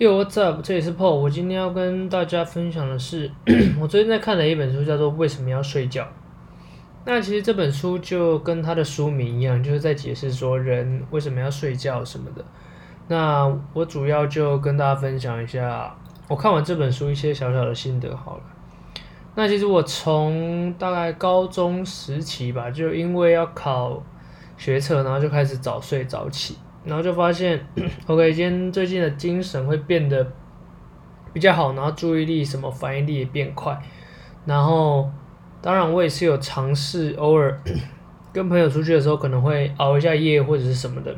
Yo, what's up？這裡是 Paul。我今天要跟大家分享的是， 我最近在看的一本書，叫做《為什麼要睡覺》。那其實這本書就跟它的書名一樣，就是在解釋說人為什麼要睡覺什麼的。那我主要就跟大家分享一下我看完這本書一些小小的心得好了。那其實我從大概高中時期吧，就因為要考學測，然後就開始早睡早起。然後就發現，OK，今天最近的精神會變得比較好，然後注意力什麼反應力也變快。然後，當然我也是有嘗試，偶爾跟朋友出去的時候可能會熬一下夜或者是什麼的。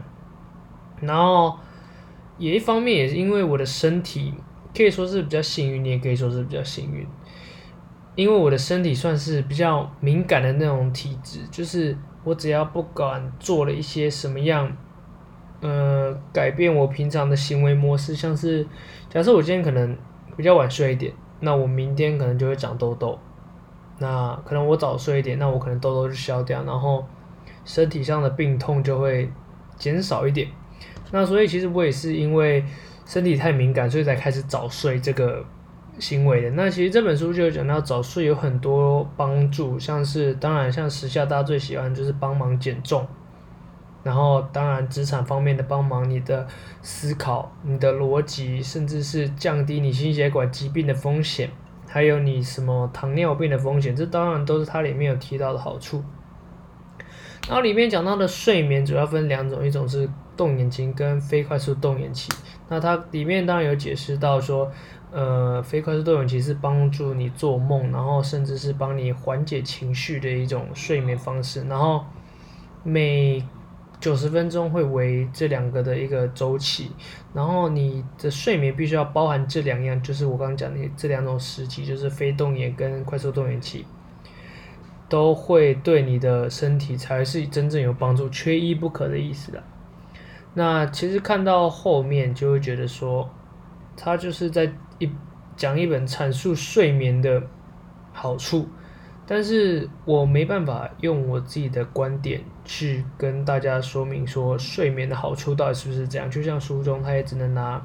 然後，也一方面也是因為我的身體可以說是比較幸運，你也可以說是比較幸運，因為我的身體算是比較敏感的那種體質，就是我只要不管做了一些什麼樣。呃，改變我平常的行為模式，像是，假設我今天可能比較晚睡一點，那我明天可能就會長痘痘，那可能我早睡一點，那我可能痘痘就消掉，然後身體上的病痛就會減少一點，那所以其實我也是因為身體太敏感，所以才開始早睡這個行為的。那其實這本書就講到早睡有很多幫助，像是，當然像時下大家最喜歡就是幫忙減重。然後，當然，資產方面的幫忙，你的思考，你的邏輯，甚至是降低你心血管疾病的風險，還有你什麼糖尿病的風險，這當然都是它裡面有提到的好處。然後裡面講到的睡眠主要分兩種，一種是動眼期跟非快速動眼期。那它裡面當然有解釋到說，呃，非快速動眼期是幫助你做夢，然後甚至是幫你緩解情緒的一種睡眠方式。然後每九十分鐘會為這兩個的一個週期，然後你的睡眠必須要包含這兩樣，就是我剛剛講的這兩種時期，就是非動眼跟快速動眼期，都會對你的身體才是真正有幫助，缺一不可的意思啦。那其實看到後面就會覺得說，他就是在一，講一本闡述睡眠的好處。但是我沒辦法用我自己的觀點去跟大家說明說睡眠的好處到底是不是這樣，就像書中他也只能拿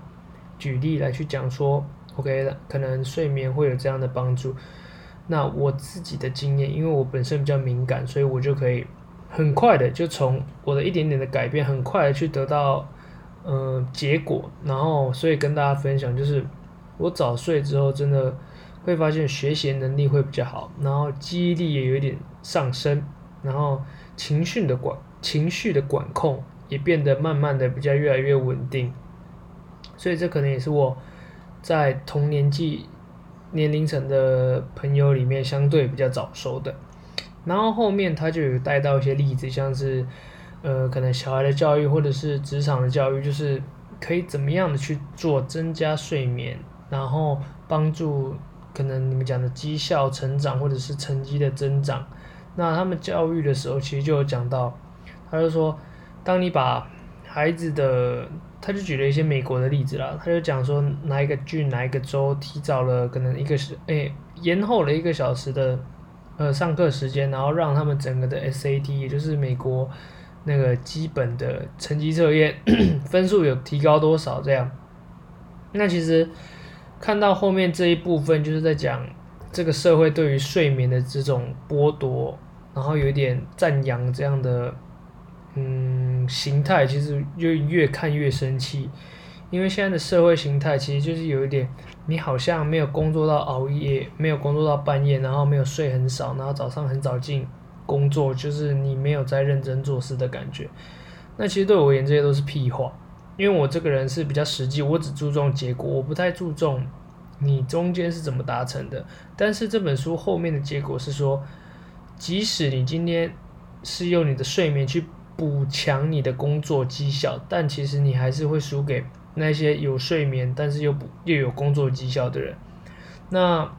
舉例來去講說，OK，可能睡眠會有這樣的幫助。那我自己的經驗，因為我本身比較敏感，所以我就可以很快的就從我的一點點的改變，很快的去得到嗯、呃、結果，然後所以跟大家分享就是我早睡之後真的。會發現學習能力會比較好，然後記憶力也有一點上升，然後情緒的管情緒的管控也變得慢慢的比較越來越穩定，所以這可能也是我在同年紀、年齡層的朋友裡面相對比較早熟的。然後後面他就有帶到一些例子，像是，呃，可能小孩的教育或者是職場的教育，就是可以怎麼樣的去做增加睡眠，然後幫助。可能你們講的績效成長或者是成績的增長，那他們教育的時候其實就有講到，他就說，當你把孩子的，他就舉了一些美國的例子啦，他就講說，哪一個郡哪一個州提早了可能一個時，哎，延後了一個小時的，呃，上課時間，然後讓他們整個的 SAT，也就是美國那個基本的成績測驗 分數有提高多少這樣，那其實。看到後面這一部分，就是在講這個社會對於睡眠的這種剝奪，然後有一點讚揚這樣的嗯形態，其實就越看越生氣。因為現在的社會形態其實就是有一點，你好像沒有工作到熬夜，沒有工作到半夜，然後沒有睡很少，然後早上很早進工作，就是你沒有在認真做事的感覺。那其實對我而言，這些都是屁話。因為我這個人是比較實際，我只注重結果，我不太注重你中間是怎麼達成的。但是這本書後面的結果是說，即使你今天是用你的睡眠去補強你的工作績效，但其實你還是會輸給那些有睡眠但是又不又有工作績效的人。那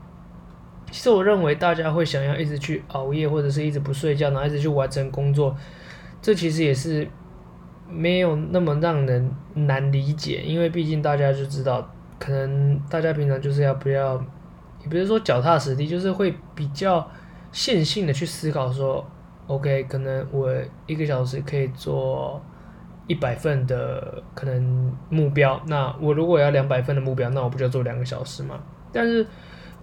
其實我認為大家會想要一直去熬夜或者是一直不睡覺，然後一直去完成工作，這其實也是。沒有那麼讓人難理解，因為畢竟大家就知道，可能大家平常就是要不要，也不是說腳踏實地，就是會比較線性的去思考說，OK，可能我一個小時可以做一百份的可能目標，那我如果要兩百份的目標，那我不就做兩個小時嗎？但是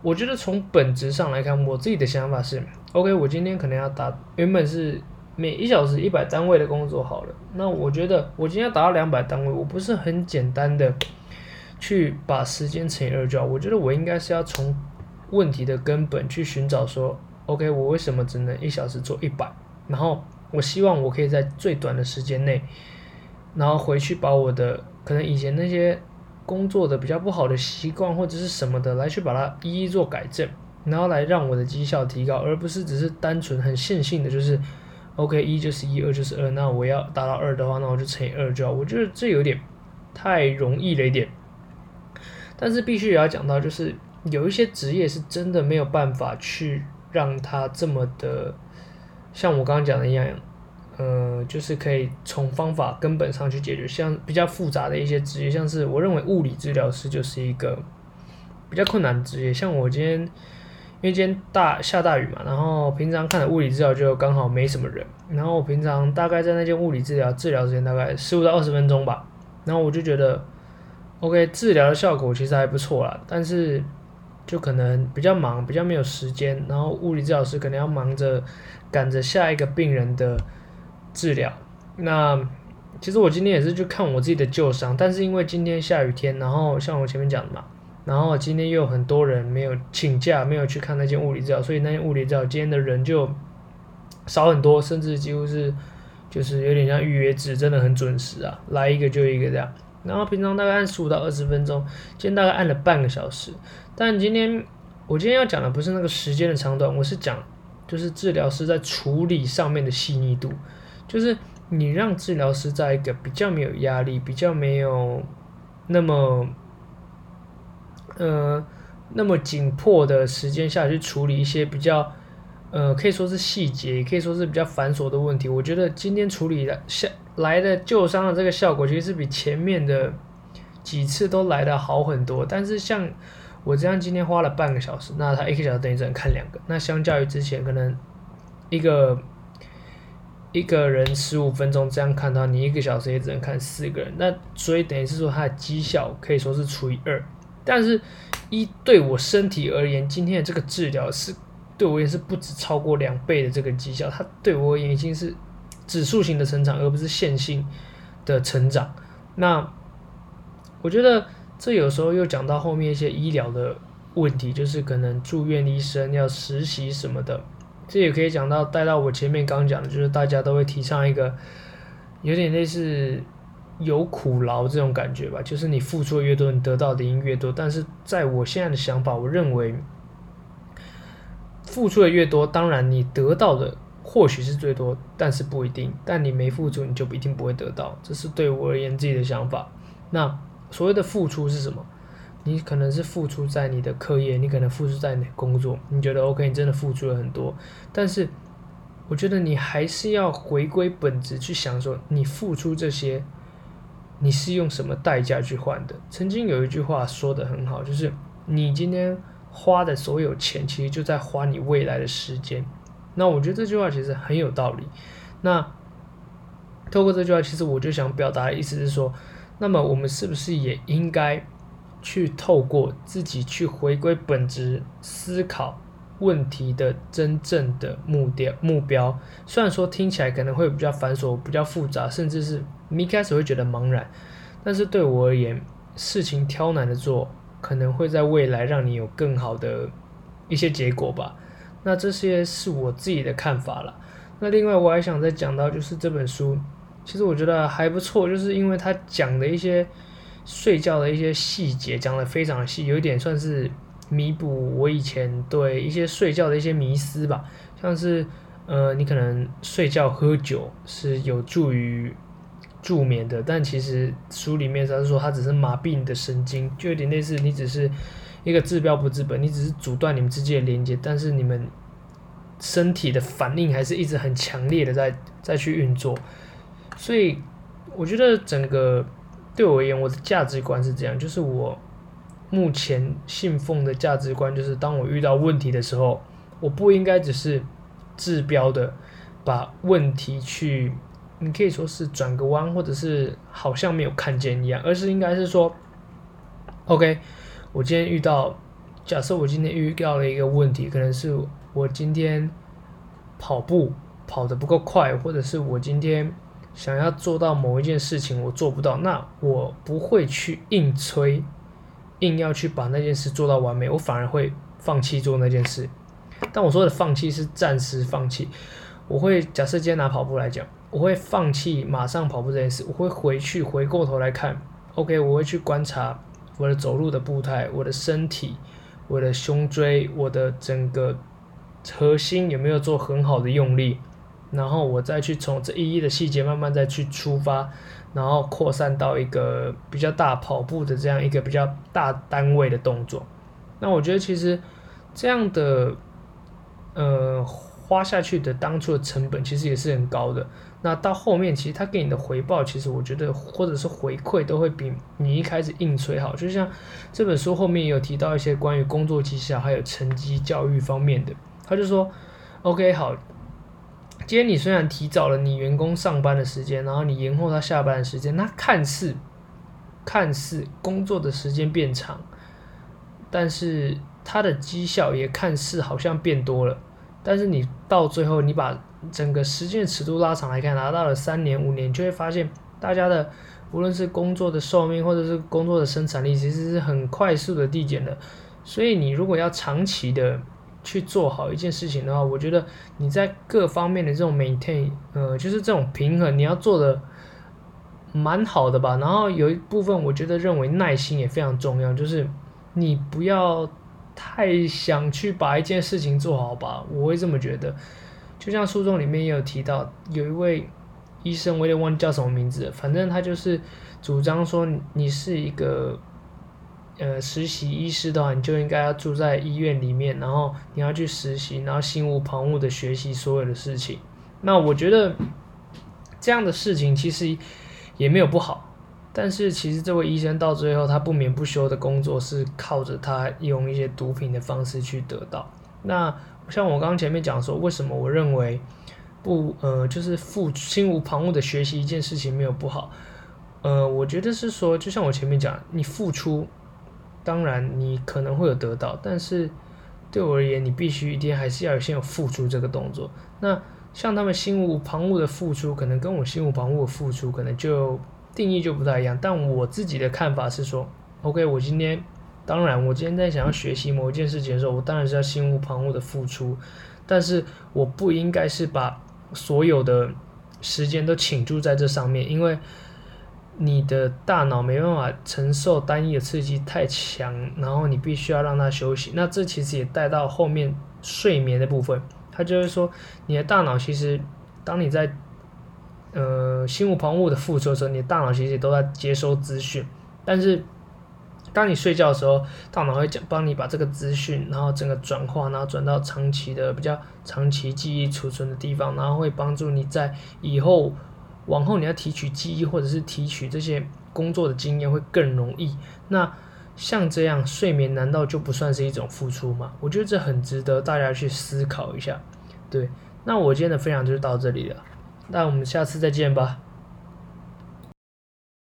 我覺得從本質上來看，我自己的想法是，OK，我今天可能要打，原本是。每一小時一百單位的工作好了，那我覺得我今天要達到兩百單位，我不是很簡單的去把時間乘以二就好，我覺得我應該是要從問題的根本去尋找說，OK，我為什麼只能一小時做一百？然後我希望我可以在最短的時間內，然後回去把我的可能以前那些工作的比較不好的習慣或者是什麼的來去把它一一做改正，然後來讓我的績效提高，而不是只是單純很線性的就是。1> O.K. 一就是一，二就是二。那我要達到二的話，那我就乘以二就好。我覺得這有點太容易了一點。但是必須也要講到，就是有一些職業是真的沒有辦法去讓它這麼的，像我剛剛講的一樣，嗯、呃，就是可以從方法根本上去解決。像比較複雜的一些職業，像是我認為物理治療師就是一個比較困難的職業。像我今天。因為今天大下大雨嘛，然後平常看的物理治療就剛好沒什麼人，然後我平常大概在那間物理治療治療時間大概十五到二十分鐘吧，然後我就覺得，OK 治療的效果其實還不錯啦，但是就可能比較忙，比較沒有時間，然後物理治療師可能要忙着趕着下一個病人的治療。那其實我今天也是去看我自己的舊傷，但是因為今天下雨天，然後像我前面講的嘛。然後今天又有很多人沒有請假，沒有去看那件物理治療，所以那件物理治療今天的人就少很多，甚至幾乎是，就是有點像預約制，真的很準時啊，來一個就一個這樣。然後平常大概按十五到二十分鐘，今天大概按了半個小時。但今天我今天要講的不是那個時間的長短，我是講就是治療師在處理上面的細膩度，就是你讓治療師在一個比較沒有壓力、比較沒有那麼。呃，那麼緊迫的時間下去處理一些比較，呃，可以說是細節，也可以說是比較繁瑣的問題。我覺得今天處理了下來的舊傷的這個效果，其實是比前面的幾次都來的好很多。但是像我這樣今天花了半個小時，那他一個小時等於只能看兩個。那相較於之前，可能一個一個人十五分鐘這樣看到，你一個小時也只能看四個人。那所以等於是說，他的績效可以說是除以二。但是，一對我身體而言，今天的這個治療是對我也是不止超過兩倍的這個績效，它對我已經是指數型的成長，而不是線性的成長。那我覺得這有時候又講到後面一些醫療的問題，就是可能住院醫生要實習什麼的，這也可以講到帶到我前面剛講的，就是大家都會提倡一個有點類似。有苦勞這種感覺吧，就是你付出的越多，你得到的應該越多。但是在我現在的想法，我認為付出的越多，當然你得到的或許是最多，但是不一定。但你沒付出，你就一定不會得到。這是對我而言自己的想法。那所謂的付出是什麼？你可能是付出在你的課業，你可能付出在你的工作，你覺得 OK，你真的付出了很多。但是我覺得你還是要回歸本質去想說，說你付出這些。你是用什麼代價去換的？曾經有一句話說得很好，就是你今天花的所有錢，其實就在花你未來的時間。那我覺得這句話其實很有道理。那透過這句話，其實我就想表達的意思是說，那麼我們是不是也應該去透過自己去回歸本質，思考問題的真正的目的目標？雖然說聽起來可能會比較繁瑣、比較複雜，甚至是。一開始會覺得茫然，但是對我而言，事情挑難的做，可能會在未來讓你有更好的一些結果吧。那這些是我自己的看法了。那另外我還想再講到，就是這本書其實我覺得還不錯，就是因為它講的一些睡覺的一些細節講得非常細，有一點算是彌補我以前對一些睡覺的一些迷思吧。像是呃，你可能睡覺喝酒是有助於，助眠的，但其實書裡面他是說，他只是麻痹你的神經，就有點類似你只是一個治標不治本，你只是阻斷你們之間的連接，但是你們身體的反應還是一直很強烈的在，在去運作。所以我覺得整個對我而言，我的價值觀是這樣，就是我目前信奉的價值觀就是，當我遇到問題的時候，我不應該只是治標的把問題去。你可以說是轉個彎，或者是好像沒有看見一樣，而是應該是說，OK，我今天遇到，假設我今天遇到了一個問題，可能是我今天跑步跑得不夠快，或者是我今天想要做到某一件事情，我做不到，那我不會去硬吹，硬要去把那件事做到完美，我反而會放棄做那件事。但我說的放棄是暫時放棄。我會假設今天拿跑步來講，我會放棄馬上跑步這件事，我會回去回過頭來看，OK，我會去觀察我的走路的步態、我的身體、我的胸椎、我的整個核心有沒有做很好的用力，然後我再去從這一一的細節慢慢再去出發，然後擴散到一個比較大跑步的這樣一個比較大單位的動作。那我覺得其實這樣的，呃。花下去的當初的成本其實也是很高的，那到後面其實他給你的回報其實我覺得或者是回饋都會比你一開始硬催好。就像這本書後面也有提到一些關於工作績效還有成績教育方面的，他就說，OK 好，今天你雖然提早了你員工上班的時間，然後你延後他下班的時間，那看似看似工作的時間變長，但是他的績效也看似好像變多了。但是你到最後，你把整個時間尺度拉長來看，拿到了三年、五年，就會發現，大家的無論是工作的壽命，或者是工作的生產力，其實是很快速的遞減的。所以你如果要長期的去做好一件事情的話，我覺得你在各方面的這種 maintain，呃，就是這種平衡，你要做得蠻好的吧？然後有一部分，我覺得認為耐心也非常重要，就是你不要。太想去把一件事情做好吧，我會這麼覺得。就像書中裡面也有提到，有一位醫生，我也忘記叫什麼名字，反正他就是主張說，你是一個呃實習醫師的話，你就應該要住在醫院裡面，然後你要去實習，然後心無旁騖的學習所有的事情。那我覺得這樣的事情其實也沒有不好。但是其實這位醫生到最後，他不眠不休的工作是靠着他用一些毒品的方式去得到。那像我剛剛前面講說，為什麼我認為不呃就是付心無旁騖的學習一件事情沒有不好，呃，我覺得是說，就像我前面講，你付出，當然你可能會有得到，但是對我而言，你必須一定還是要有先有付出這個動作。那像他們心無旁騖的付出，可能跟我心無旁騖的付出，可能就。定義就不太一樣，但我自己的看法是說，OK，我今天，當然，我今天在想要學習某一件事情的時候，我當然是要心無旁騖的付出，但是我不應該是把所有的時間都傾注在這上面，因為你的大腦沒辦法承受單一的刺激太強，然後你必須要讓它休息。那這其實也帶到後面睡眠的部分，它就是說，你的大腦其實當你在。呃，心無旁騖的付出的時候，你的大腦其實都在接收資訊。但是，當你睡覺的時候，大腦會講，幫你把這個資訊，然後整個轉化，然後轉到長期的比較長期記憶儲存的地方，然後會幫助你在以後、往後你要提取記憶或者是提取這些工作的經驗會更容易。那像這樣睡眠難道就不算是一種付出嗎？我覺得這很值得大家去思考一下。對，那我今天的分享就到這裡了。那我們下次再見吧。